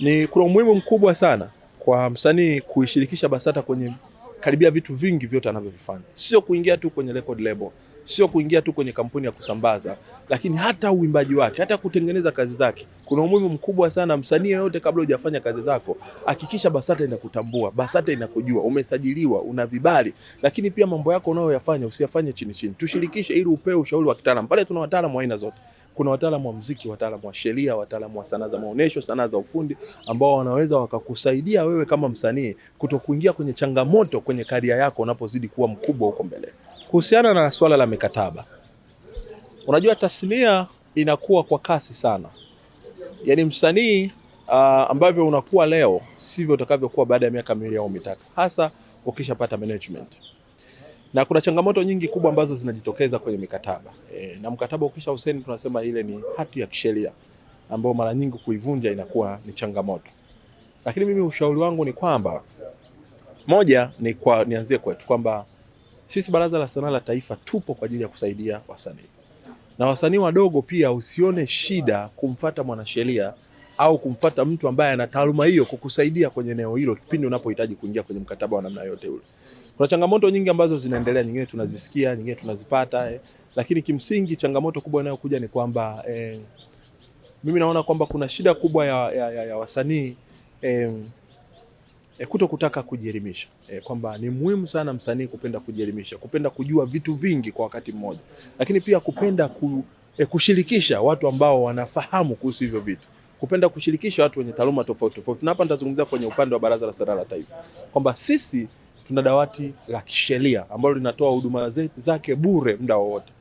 ni kuna umuhimu mkubwa sana kwa msanii kuishirikisha BASATA kwenye karibia vitu vingi vyote anavyovifanya, sio kuingia tu kwenye record label, sio kuingia tu kwenye kampuni ya kusambaza, lakini hata uimbaji wake, hata kutengeneza kazi zake. Kuna umuhimu mkubwa sana. Msanii yoyote, kabla hujafanya kazi zako, hakikisha BASATA inakutambua, BASATA inakujua, umesajiliwa, una vibali. Lakini pia mambo yako unayoyafanya usiyafanye chini chini, tushirikishe ili upewe ushauri wa kitaalamu. Pale tuna wataalamu wa aina zote, kuna wataalamu wa muziki, wataalamu wa sheria, wataalamu wa sanaa za maonesho, sanaa za ufundi, ambao wanaweza wakakusaidia wewe kama msanii kutokuingia kwenye changamoto kwenye kwenye karia yako unapozidi kuwa mkubwa huko mbele. Kuhusiana na swala la mikataba, unajua tasnia inakuwa kwa kasi sana, yaani msanii uh, ambavyo unakuwa leo sivyo utakavyokuwa baada ya miaka miwili au mitatu, hasa ukishapata management na kuna changamoto nyingi kubwa ambazo zinajitokeza kwenye mikataba e, na mkataba ukisha usaini tunasema ile ni hati ya kisheria ambayo mara nyingi kuivunja inakuwa ni changamoto, lakini mimi ushauri wangu ni kwamba moja ni kwa, nianzie kwetu kwamba sisi Baraza la Sanaa la Taifa tupo kwa ajili ya kusaidia wasanii na wasanii wadogo pia. Usione shida kumfata mwanasheria au kumfata mtu ambaye ana taaluma hiyo kukusaidia kwenye eneo hilo kipindi unapohitaji kuingia kwenye mkataba wa namna yote ule. Kuna changamoto nyingi ambazo zinaendelea, nyingine tunazisikia, nyingine tunazipata eh, lakini kimsingi changamoto kubwa inayokuja ni kwamba eh, mimi naona kwamba kuna shida kubwa ya, ya, ya, ya wasanii eh, e, eh, kuto kutaka kujielimisha e, eh, kwamba ni muhimu sana msanii kupenda kujielimisha, kupenda kujua vitu vingi kwa wakati mmoja, lakini pia kupenda ku, e, kushirikisha watu ambao wanafahamu kuhusu hivyo vitu kupenda kushirikisha watu wenye taaluma tofauti tofauti, na hapa nitazungumzia kwenye upande wa Baraza la Sanaa la Taifa kwamba sisi tuna dawati la kisheria ambalo linatoa huduma zake bure muda wowote,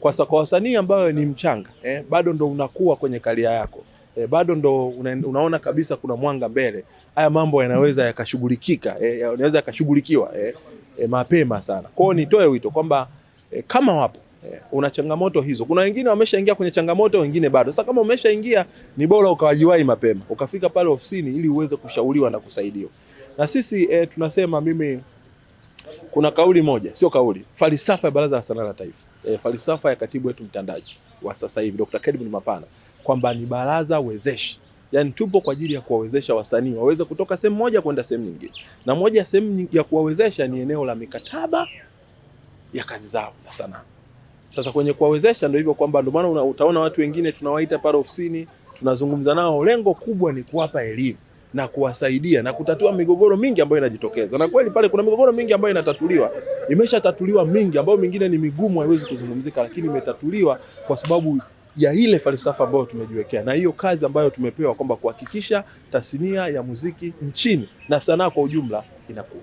kwa kwa wasanii ambayo ni mchanga eh, bado ndo unakuwa kwenye karia yako e, bado ndo una, unaona kabisa kuna mwanga mbele. Haya mambo yanaweza yakashughulikika, e, eh, yanaweza yakashughulikiwa e, eh, e, mapema sana. Kwa hiyo nitoe wito kwamba e, kama wapo e, una changamoto hizo, kuna wengine wameshaingia kwenye changamoto, wengine bado. Sasa kama umeshaingia, ni bora ukawajiwai mapema, ukafika pale ofisini ili uweze kushauriwa na kusaidiwa. Na sisi e, tunasema mimi kuna kauli moja, sio kauli, falsafa ya Baraza la Sanaa la Taifa, e, falsafa ya katibu wetu mtendaji wa sasa hivi Dr. Kedmon Mapana kwamba ni baraza wezeshi, yaani tupo kwa ajili ya kuwawezesha wasanii waweze kutoka sehemu moja kwenda sehemu nyingine, na moja sehemu ya kuwawezesha ni eneo la mikataba ya kazi zao na sanaa. Sasa kwenye kuwawezesha ndio hivyo kwamba ndio maana utaona watu wengine tunawaita pale ofisini, tunazungumza nao, lengo kubwa ni kuwapa elimu na kuwasaidia na kutatua migogoro mingi ambayo inajitokeza, na kweli pale kuna migogoro mingi ambayo inatatuliwa, imeshatatuliwa mingi, ambayo mingine ni migumu, haiwezi kuzungumzika, lakini imetatuliwa kwa sababu ya ile falsafa ambayo tumejiwekea na hiyo kazi ambayo tumepewa kwamba kuhakikisha tasnia ya muziki nchini na sanaa kwa ujumla inakuwa